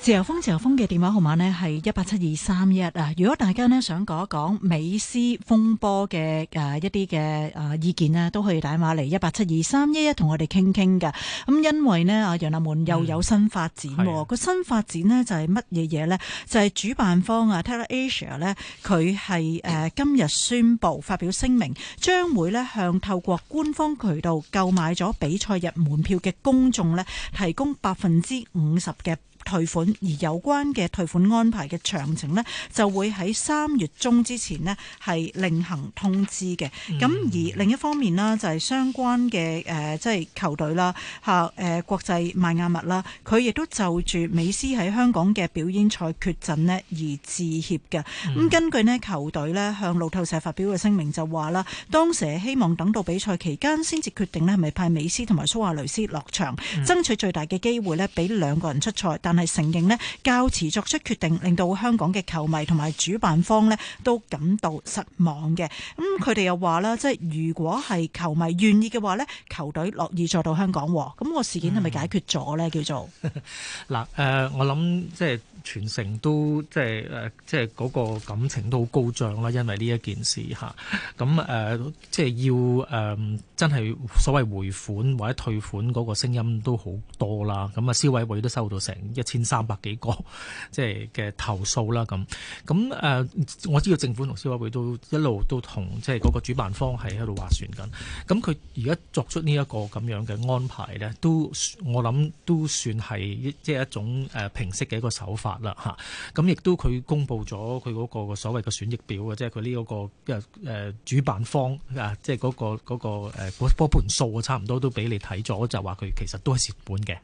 自由風，自由風嘅電話號碼呢係一八七二三一啊。如果大家呢想講一講美斯風波嘅誒一啲嘅誒意見呢，都可以打電話嚟一八七二三一一同我哋傾傾㗎。咁因為呢，啊楊立門又有新發展，個、嗯、新發展呢就係乜嘢嘢呢？就係、是、主辦方啊，Tatler Asia 呢佢係誒今日宣布發表聲明，將會呢向透過官方渠道購買咗比賽日門票嘅公眾呢提供百分之五十嘅的退款，而有關嘅退款安排嘅詳情咧，就會喺三月中之前咧係另行通知嘅。咁、嗯、而另一方面咧，就係、是、相關嘅誒、呃、即係球隊啦吓誒國際邁亞密啦，佢亦都就住美斯喺香港嘅表演賽缺陣咧而致歉嘅。咁、嗯、根據咧球隊咧向路透社發表嘅聲明就話啦，當時係希望等到比賽期間先至決定咧係咪派美斯同埋蘇亞雷斯落場、嗯、爭取最大嘅機會咧俾兩個人出賽，但係承認咧，較遲作出決定，令到香港嘅球迷同埋主辦方咧都感到失望嘅。咁佢哋又話啦，即係如果係球迷願意嘅話咧，球隊樂意再到香港。咁、個事件係咪解決咗呢？叫做嗱，誒、 呃，我諗即係。全城都即係誒即係嗰個感情都好高漲啦，因為呢一件事吓，咁誒即係要誒、嗯、真係所謂回款或者退款嗰個聲音都好多啦。咁啊，消委會都收到成一千三百幾個即係嘅投訴啦。咁咁誒我知道政府同消委會都一路都同即係嗰個主辦方係喺度斡旋緊。咁佢而家作出呢一個咁樣嘅安排咧，都我諗都算係即係一種誒平息嘅一個手法。啦咁亦都佢公布咗佢嗰個所謂嘅損益表嘅，即係佢呢一個即、呃、主辦方啊，即係嗰、嗰個嗰、嗰個誒嗰盤數啊，差唔多都俾你睇咗，就話佢其實都係蝕本嘅，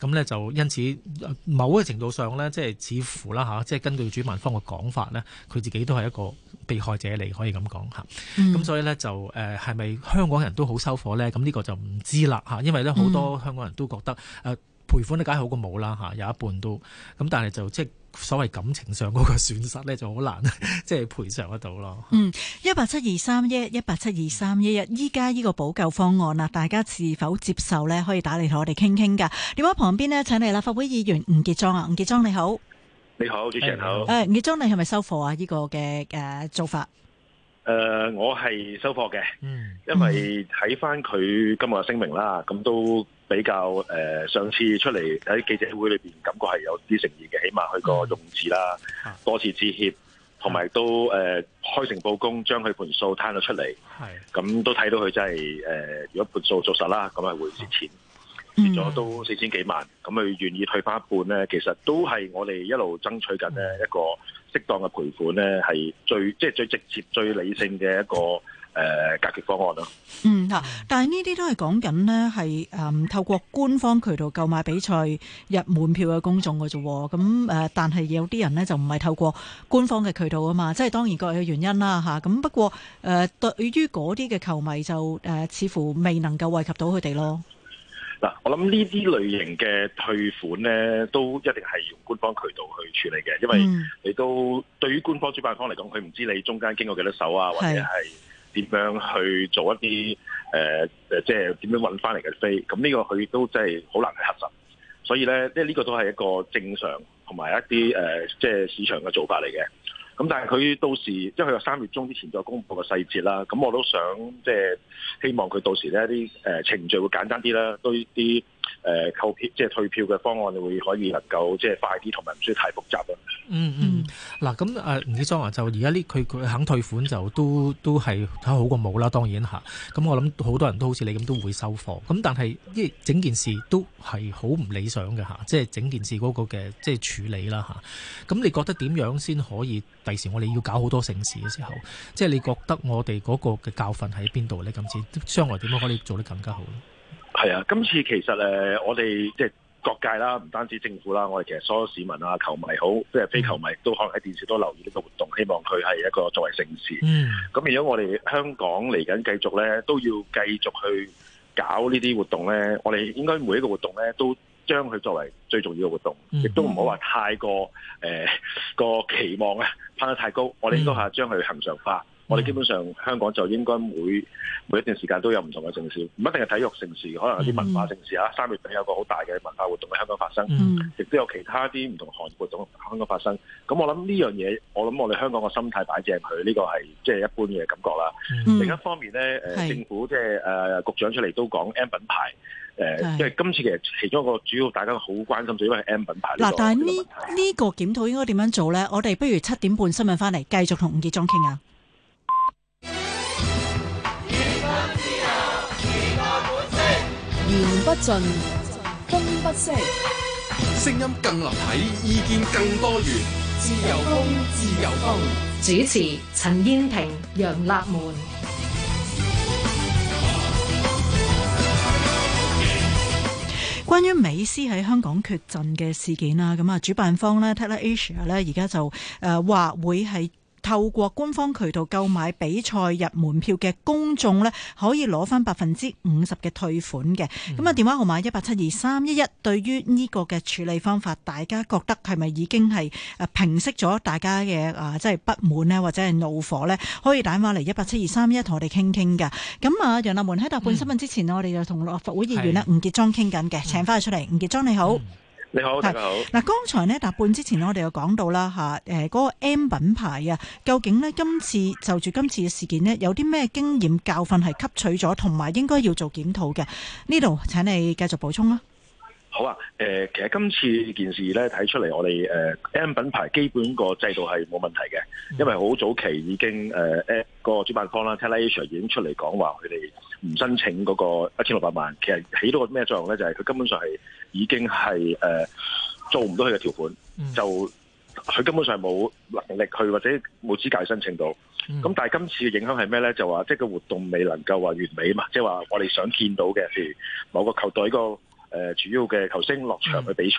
咁咧就因此某一個程度上咧，即係似乎啦、啊、即係根據主辦方嘅講法咧，佢自己都係一個被害者嚟，可以咁講，咁所以咧就係咪、呃、香港人都好收火咧？咁呢個就唔知啦、啊、因為咧好多香港人都覺得、嗯賠款都梗係好過冇啦，吓，有一半都咁，但係就即係所謂感情上嗰個損失咧，就好難即係賠償得到咯。嗯，一八七二三一一八七二三一一，依家呢個補救方案大家是否接受咧？可以打嚟同我哋傾傾噶。電話旁邊呢，請嚟立法會議員吳傑莊啊，吳傑莊你好，你好，主持人好。誒，吳傑莊你係咪收貨啊？呢、啊這個嘅誒、啊、做法。誒、呃，我係收貨嘅，因為睇翻佢今日嘅聲明啦，咁都比較誒、呃，上次出嚟喺記者會裏邊，感覺係有啲誠意嘅，起碼佢個用字啦，多次致歉，同埋都誒、呃、開誠布公將佢盤數攤咗出嚟，咁都睇到佢真係誒、呃，如果盤數做實啦，咁係會蝕錢，跌、啊、咗都四千幾萬，咁佢願意退翻一半咧，其實都係我哋一路爭取緊嘅一個。適當嘅賠款呢，係最即係最直接、最理性嘅一個誒解決方案咯。嗯嚇，但係呢啲都係講緊呢係誒透過官方渠道購買比賽入門票嘅公眾㗎啫喎。咁誒，但係有啲人呢，就唔係透過官方嘅渠道啊嘛，即係當然各有原因啦嚇。咁、啊、不過誒、呃，對於嗰啲嘅球迷就誒、呃，似乎未能夠惠及到佢哋咯。嗱，我諗呢啲類型嘅退款咧，都一定係用官方渠道去處理嘅，因為你都對於官方主辦方嚟講，佢唔知你中間經過幾多手啊，或者係點樣去做一啲、呃、即係點樣搵翻嚟嘅飛。咁呢個佢都真係好難去核實，所以咧，即係呢個都係一個正常同埋一啲、呃、即係市場嘅做法嚟嘅。咁但係佢到時，即係佢話三月中之前再公布個細節啦。咁我都想即係、就是、希望佢到時咧啲誒程序會簡單啲啦，對啲。誒、呃，購票即係退票嘅方案會可以能夠即係快啲，同埋唔需要太複雜咯。嗯嗯，嗱，咁啊吳傑莊，就而家呢佢佢肯退款就都都係睇好過冇啦，當然吓。咁我諗好多人都好似你咁都會收貨。咁但係，即整件事都係好唔理想嘅，吓、啊，即係整件事嗰個嘅即係處理啦吓。咁、啊、你覺得點樣先可以第時我哋要搞好多盛事嘅時候，即係你覺得我哋嗰個嘅教訓喺邊度呢？咁先將來點樣可以做得更加好呢？係啊，今次其實誒，我哋即係各界啦，唔單止政府啦，我哋其實所有市民啊、球迷好，即係非球迷都可能喺電視都留意呢個活動，希望佢係一個作為盛事。咁、嗯、如果我哋香港嚟緊繼續咧，都要繼續去搞呢啲活動咧，我哋應該每一個活動咧，都將佢作為最重要嘅活動，亦、嗯、都唔好話太過誒、呃、個期望咧、啊，攀得太高。我哋應該係將佢恆常化。嗯、我哋基本上香港就應該每每一段時間都有唔同嘅城市，唔一定係體育城市，可能有啲文化城市嚇、嗯。三月份有一個好大嘅文化活動喺香港發生，亦、嗯、都有其他啲唔同行業活動香港發生。咁我諗呢樣嘢，我諗我哋香港嘅心態擺正佢呢、呢個係即係一般嘅感覺啦、嗯。另一方面呢，誒政府即係誒局長出嚟都講 M 品牌，誒，因為今次其實其中一個主要大家好關心，就因為係 M 品牌嗱、呢個，但係呢呢個檢討應該點樣做咧？我哋不如七點半新聞翻嚟繼續同吳傑莊傾啊。言不盡，風不息，聲音更立體，意見更多元，自由風，自由風。主持陳：陳燕婷、楊立門。關於美斯喺香港缺陣嘅事件啦，咁啊，主辦方咧 Tatler Asia 咧，而家就誒話會係。透過官方渠道購買比賽入門票嘅公眾呢，可以攞翻百分之五十嘅退款嘅。咁、嗯、啊，電話號碼一八七二三一一。對於呢個嘅處理方法，大家覺得係咪已經係平息咗大家嘅啊，即係不滿呢？或者係怒火呢？可以打電話嚟一八七二三一一同我哋傾傾嘅。咁啊，楊立門喺答半新聞之前，嗯、我哋就同立法會議員咧吳傑莊傾緊嘅，請翻佢出嚟。吳、嗯、傑莊你好。嗯你好，大家好。嗱，剛才咧答半之前我哋又講到啦吓，誒，嗰個 M 品牌啊，究竟呢？今次就住今次嘅事件呢，有啲咩經驗教訓係吸取咗，同埋應該要做檢討嘅？呢度請你繼續補充啦。好啊，呃、其實今次件事咧睇出嚟，我哋、呃 M 品牌基本個制度係冇問題嘅、嗯，因為好早期已經誒、呃嗰個主辦方啦 Tatler Asia 已經出嚟講話佢哋唔申請嗰個一千六百萬。其實起到個咩作用咧？就係、是、佢根本上係已經係誒、呃、做唔到佢嘅條款，嗯、就佢根本上係冇能力去或者冇資格去申請到。咁、嗯嗯、但係今次嘅影響係咩咧？就話即係個活動未能夠話完美嘛，即係話我哋想見到嘅，譬如某個球隊個。誒主要嘅球星落場去比賽，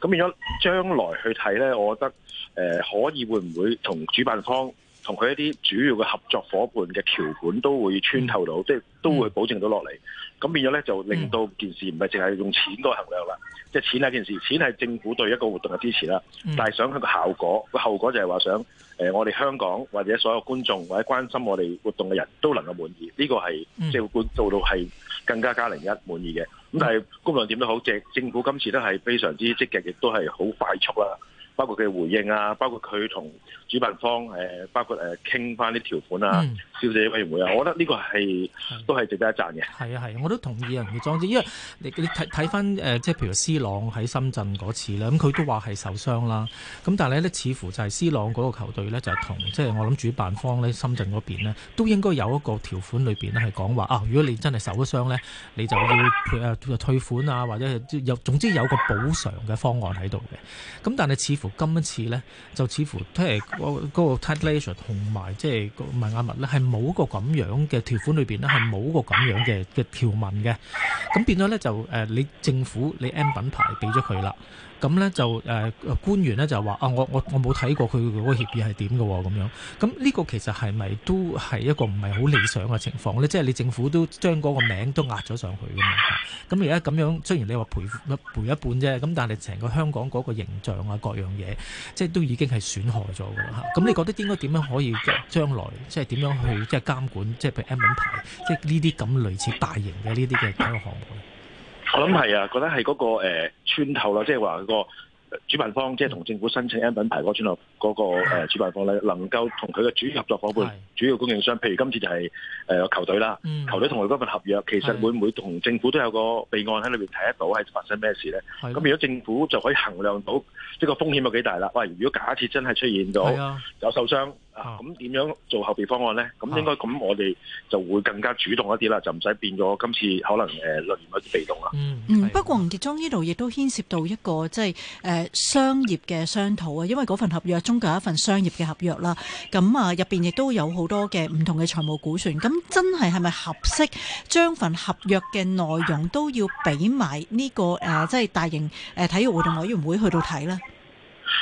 咁變咗將來去睇呢，我覺得誒、呃、可以會唔會同主辦方同佢一啲主要嘅合作伙伴嘅條款都會穿透到，嗯、即係都會保證到落嚟。咁變咗咧，就令到件事唔係淨係用錢嗰個衡量啦，即、嗯、係、就是、錢係件事，錢係政府對一個活動嘅支持啦、嗯。但係想佢個效果，個後果就係話想、呃、我哋香港或者所有觀眾或者關心我哋活動嘅人都能夠滿意，呢、這個係即係做到係更加加零一滿意嘅。咁、嗯嗯、但係，無論點都好，政政府今次都係非常之積極，亦都係好快速啦、啊，包括佢嘅回應啊，包括佢同主辦方、呃、包括傾翻啲條款啊。嗯少子委員會啊，我覺得呢個係都係值得一讚嘅。係啊係啊，我都同意啊吳莊子，因為你你睇睇翻誒，即係譬如 C 朗喺深圳嗰次咧，咁佢都話係受傷啦。咁但係咧，似乎就係 C 朗嗰個球隊咧，就係同即係我諗主辦方咧，深圳嗰邊咧，都應該有一個條款裏邊咧係講話啊，如果你真係受咗傷咧，你就要退啊退款啊，或者係總之有個補償嘅方案喺度嘅。咁但係似乎今一次咧，就似乎即係嗰個 t i 同埋即係個邁阿密咧係。冇個咁樣嘅條款裏邊，呢係冇個咁樣嘅嘅條文嘅。咁變咗呢，就、呃、你政府你 M 品牌俾咗佢啦。咁呢，就、呃、官員呢，就話啊，我我我冇睇過佢嗰個協議係點嘅喎，咁樣咁呢、哦這個其實係咪都係一個唔係好理想嘅情況呢？即係你政府都將嗰個名都壓咗上去嘅嘛。咁而家咁樣，雖然你話賠一賠一半啫，咁但係成個香港嗰個形象啊，各樣嘢即係都已經係損害咗嘅啦。咁你覺得應該點樣可以將來即係點樣去？即係監管，即係俾 M 品牌，即係呢啲咁類似大型嘅呢啲嘅咁嘅項目。我諗係啊，覺得係嗰個誒穿透啦，即係話個主辦方即係同政府申請 M 品牌嗰個穿透嗰個主辦方咧，能夠同佢嘅主要合作夥伴、主要供應商，譬如今次就係誒球隊啦，嗯、球隊同佢嗰份合約，其實會唔會同政府都有個備案喺裏邊睇得到係發生咩事咧？咁如果政府就可以衡量到。呢、這個風險有幾大啦？喂，如果假設真係出現到有受傷，咁點、啊啊、樣做後備方案呢？咁應該咁，我哋就會更加主動一啲啦、啊，就唔使變咗今次可能誒落完開被動啦。嗯、啊、嗯，不過吳傑莊呢度亦都牽涉到一個即係、就是呃、商業嘅商討啊，因為嗰份合約中有一份商業嘅合約啦，咁啊入邊亦都有好多嘅唔同嘅財務估算，咁真係係咪合適將份合約嘅內容都要俾埋呢個誒即係大型誒體育活動委員會去到睇呢？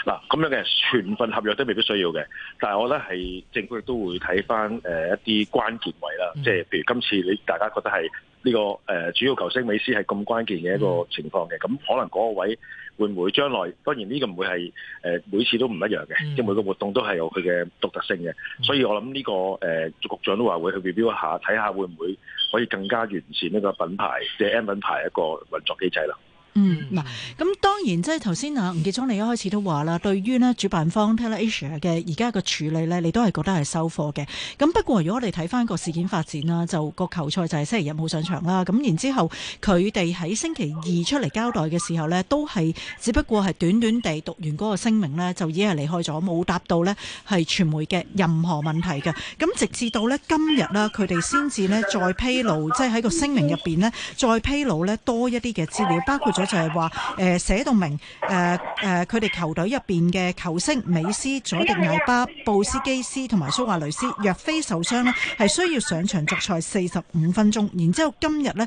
嗱，咁樣嘅全份合約都未必需要嘅，但係我覺得係政府亦都會睇翻、呃、一啲關鍵位啦，嗯、即係譬如今次你大家覺得係呢、這個、呃、主要球星美斯係咁關鍵嘅一個情況嘅，咁、嗯、可能嗰個位會唔會將來？當然呢個唔會係、呃、每次都唔一樣嘅，即、嗯、因為每個活動都係有佢嘅獨特性嘅、嗯，所以我諗呢、這個、呃、局長都話會去 review 一下，睇下會唔會可以更加完善呢個品牌，即係 M 品牌一個運作機制啦。嗯，嗱，咁當然即係頭先啊吳傑莊，你一開始都話啦，對於咧主辦方 Telasia e 嘅而家個處理咧，你都係覺得係收貨嘅。咁不過如果我哋睇翻個事件發展啦，就個球賽就係星期日冇上場啦。咁然之後，佢哋喺星期二出嚟交代嘅時候咧，都係只不過係短短地讀完嗰個聲明咧，就已經係離開咗，冇答到咧係傳媒嘅任何問題嘅。咁直至到咧今日啦，佢哋先至咧再披露，即係喺個聲明入邊咧再披露咧多一啲嘅資料，包括咗。就係話誒寫到明，誒誒佢哋球隊入面嘅球星美斯、佐迪艾巴、布斯基斯同埋蘇亞雷斯若非受傷咧，係需要上場續賽四十五分鐘。然之後今日呢，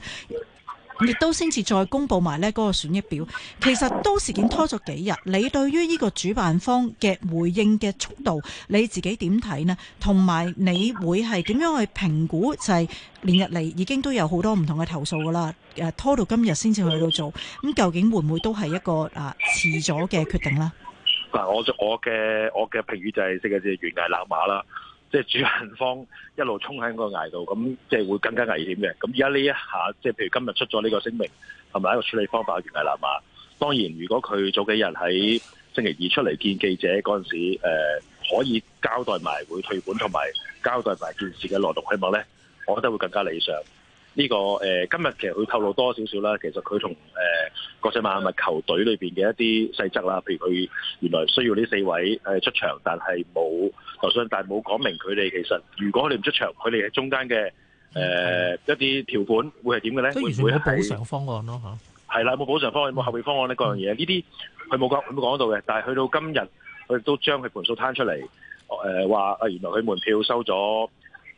亦都先至再公布埋呢嗰個損益表，其實都事件拖咗幾日，你對於呢個主辦方嘅回應嘅速度，你自己點睇呢？同埋你會係點樣去評估？就係連日嚟已經都有好多唔同嘅投訴噶啦，拖到今日先至去到做，咁究竟會唔會都係一個啊遲咗嘅決定呢？嗱，我我嘅我嘅評語就係即係，即係懸崖勒馬啦。即係主辦方一路衝喺個崖度，咁即係會更加危險嘅。咁而家呢一下，即係譬如今日出咗呢個聲明，同埋一個處理方法原係啦嘛。當然，如果佢早幾日喺星期二出嚟見記者嗰陣時，呃，可以交代埋會退款，同埋交代埋件事嘅內容，希望咧，我覺得會更加理想。呢、呢個誒、呃，今日其實佢透露多少少啦，其實佢同誒。呃國際邁阿密球隊裏邊嘅一啲細則啦，譬如佢原來需要呢四位誒出場，但係冇劉信，但係冇講明佢哋其實，如果佢哋唔出場，佢哋喺中間嘅誒、呃、一啲條款會係點嘅咧？會唔會是有補償方案咯、啊？嚇，係啦，冇補償方案？有冇後備方案呢。各樣嘢呢啲佢冇講，冇講到嘅。但係去到今日，佢都將佢盤數攤出嚟，誒話啊，原來佢門票收咗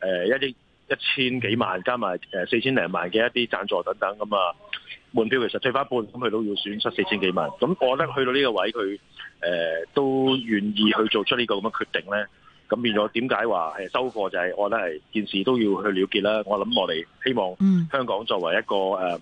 誒一億一千幾萬，加埋誒四千零萬嘅一啲贊助等等咁啊。嗯換票其實退翻一半，咁佢都要損失四千幾萬。咁我覺得去到呢個位，佢誒、呃、都願意去做出呢個咁嘅決定咧。咁變咗點解話係收貨、就是？就係我覺得係件事都要去了結啦。我諗我哋希望香港作為一個誒、呃、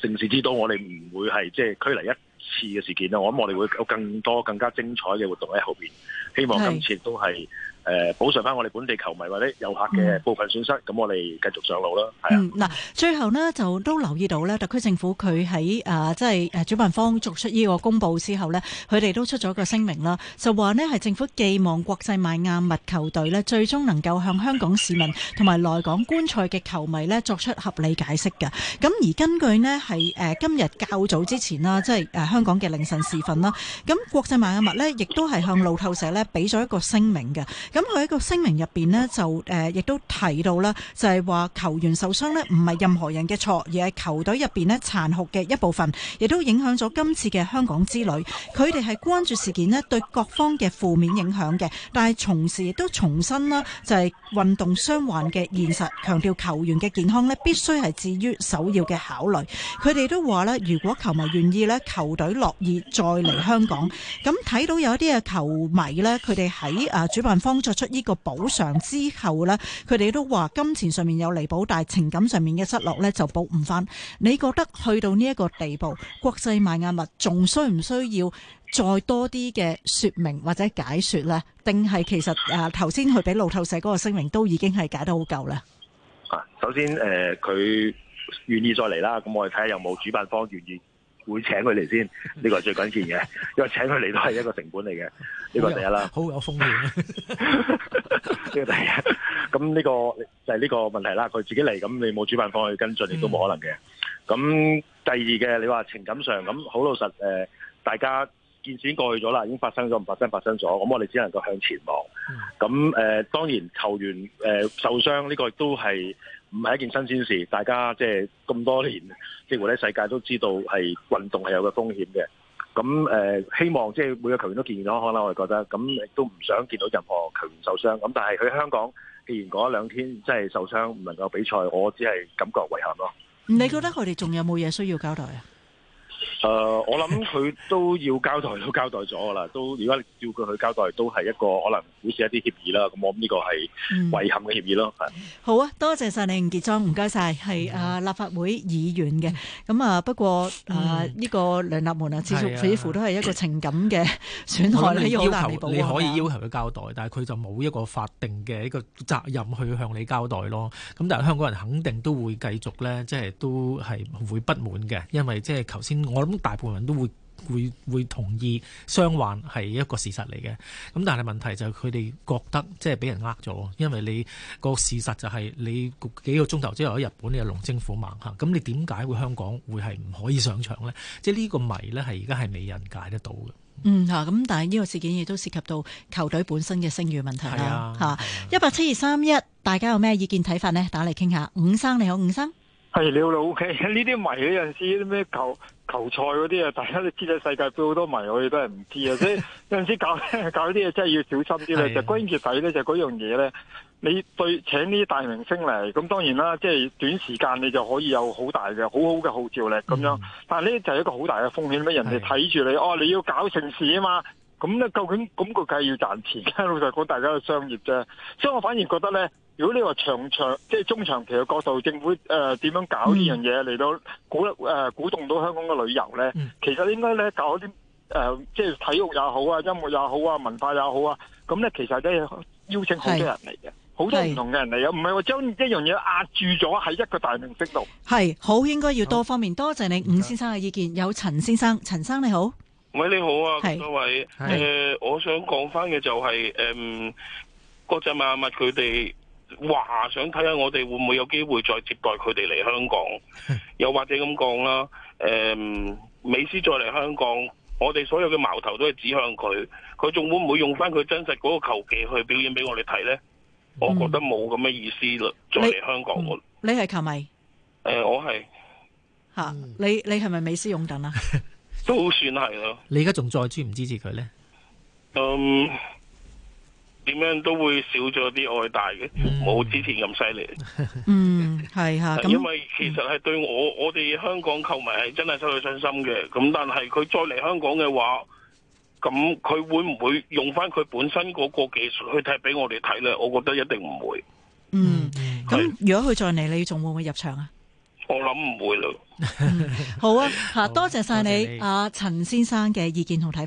城市之都，我哋唔會係即係拘泥一次嘅事件啦。我諗我哋會有更多更加精彩嘅活動喺後邊，希望今次都係。誒補償翻我哋本地球迷或者遊客嘅部分損失，咁我哋繼續上路啦。係啊，嗱，最後咧就都留意到咧，特區政府佢喺誒即係誒主辦方作出呢個公佈之後咧，佢哋都出咗個聲明啦，就話咧係政府寄望國際邁阿密球隊咧最終能夠向香港市民同埋來港觀賽嘅球迷咧作出合理解釋嘅。咁而根據咧係誒今日較早之前啦，即係誒香港嘅凌晨時分啦，咁國際邁阿密咧亦都係向路透社咧俾咗一個聲明嘅。咁佢喺個聲明入邊咧，就誒亦、呃、都提到啦，就係、是、話球員受傷咧，唔係任何人嘅錯，而係球隊入邊咧殘酷嘅一部分，亦都影響咗今次嘅香港之旅。佢哋係關注事件咧對各方嘅負面影響嘅，但係同時亦都重申啦，就係、是、運動傷患嘅現實，強調球員嘅健康咧必須係置於首要嘅考慮，佢哋都話咧，如果球迷願意咧，球隊樂意再嚟香港。咁睇到有一啲嘅球迷咧，佢哋喺誒主辦方，作出呢個補償之後咧，佢哋都話金錢上面有彌補，但係情感上面嘅失落咧就補唔翻。你覺得去到呢一個地步，國際邁阿密仲需唔需要再多啲嘅說明或者解說咧？定係其實誒頭先佢俾路透社嗰個聲明都已經係解得好夠啦。啊，首先誒，佢、呃、願意再嚟啦，咁我哋睇下有冇主辦方願意。會請佢嚟先，呢、這個係最關鍵嘅， 因為請佢嚟都係一個成本嚟嘅，呢 個是第一啦。 好有風險，呢 個第一。咁呢、這個就係、是、呢個問題啦。佢自己嚟，咁你冇主辦方去跟進，亦都冇可能嘅。咁第二嘅，你話情感上咁好老實誒、呃，大家。件事過去咗啦，已經發生咗，唔發生發生咗，咁我哋只能夠向前望。咁誒、呃，當然球員誒、呃、受傷呢、這個都係唔係一件新鮮事，大家即係咁多年，活喺世界都知道係運動係有個風險嘅。咁誒、呃，希望即係每個球員都健健康康啦，我哋覺得，咁亦都唔想見到任何球員受傷。咁但係佢香港既然嗰兩天真係受傷唔能夠比賽，我只係感覺遺憾咯。你覺得佢哋仲有冇嘢需要交代啊？誒、 呃，我諗佢都要交代，都交代咗啦。都如果叫佢去交代，都係一個可能表示一啲協議啦。咁我諗呢個係遺憾嘅協議咯、嗯。好啊，多謝曬吳傑莊，唔該晒，係啊立法會議員嘅。咁啊，不過、嗯、啊呢、呢個梁立門啊，似乎都係一個情感嘅損害咧、嗯。 我你要求你可以要求佢交代，但係佢就冇一個法定嘅一個責任去向你交代咯。咁但係香港人肯定都會繼續咧，即係都係會不滿嘅，因為即係頭先我。咁大部分人都會會會同意傷患係一個事實嚟嘅，咁但係問題就係佢哋覺得即係俾人呃咗，因為你個事實就係、是、你幾個鐘頭之後喺日本你又龍精虎猛吓，咁你點解會香港會係唔可以上場呢？即係呢個謎呢係而家係未人解得到嘅。嗯吓，咁但係呢個事件亦都涉及到球隊本身嘅聲譽問題啦。吓、啊，一八七二三一，啊、大家有咩意見睇法呢？打嚟傾下，伍生你好，伍生。係了啦，OK。呢啲迷有陣時啲咩球球賽嗰啲啊，大家都知道世界杯好多迷，我哋都係唔知啊。所以有陣時搞 搞啲嘢真係要小心啲咧。就是、歸結底咧就嗰樣嘢咧，你對請呢啲大明星嚟，咁當然啦，即、就、係、是、短時間你就可以有大好大嘅好好嘅號召力咁、嗯、樣。但係呢就係一個好大嘅風險，因人哋睇住你，哦你要搞城市啊嘛。咁咧究竟咁個梗係要賺錢嘅老實講，大家嘅商業啫。所以我反而覺得咧。如果你話長長即係中長期嘅角度，政府誒、呃、點樣搞呢樣嘢嚟到鼓、呃、鼓動到香港嘅旅遊咧、嗯？其實應該咧搞啲誒、呃，即係體育也好啊，音樂也好啊，文化也好啊。咁咧其實都係邀請好多人嚟嘅，好多唔同嘅人嚟啊。唔係話將一樣嘢壓住咗喺一個大明星度。係好應該要多方面。多謝你伍、嗯、先生嘅意見。有陳先生，陳生你好。喂，你好啊，各位誒、呃，我想講翻嘅就係、是、誒、呃、國際邁阿密佢哋。話想睇下我哋會唔會有機會再接待佢哋嚟香港，又或者咁講啦。誒、嗯，美斯再嚟香港，我哋所有嘅矛頭都係指向佢。佢仲會唔會用翻佢真實嗰個球技去表演俾我哋睇呢、嗯？我覺得冇咁嘅意思啦。再嚟香港，你係球迷誒，我係吓、嗯、你你係咪美斯擁躉啊？ 都算係咯。你而家仲再支唔支持佢呢？嗯。點樣都會少咗啲愛戴嘅，冇之前咁犀利。嗯，係吓、嗯啊，因為其實係對我我哋香港球迷係真係失去信心嘅。咁但係佢再嚟香港嘅話，咁佢會唔會用翻佢本身嗰個技術去踢俾我哋睇咧？我覺得一定唔會。嗯、咁、嗯、如果佢再嚟，你仲會唔會入場啊？我諗唔會咯。 好啊，吓 多謝晒你阿陳、啊、先生嘅意見同睇。